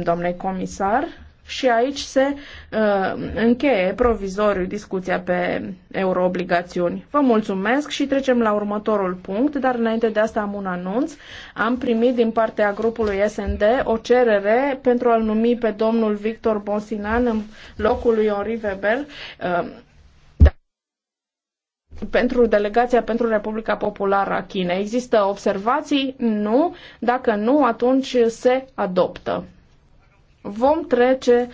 domnule comisar, și aici se uh, încheie provizoriu discuția pe euroobligațiuni. Vă mulțumesc și trecem la următorul punct, dar înainte de asta am un anunț. Am primit din partea grupului SND o cerere pentru a-l numi pe domnul Victor Bonsinan în locul lui Henri Weber. Uh, pentru delegația pentru Republica Populară a Chinei. Există observații? Nu. Dacă nu, atunci se adoptă vom trece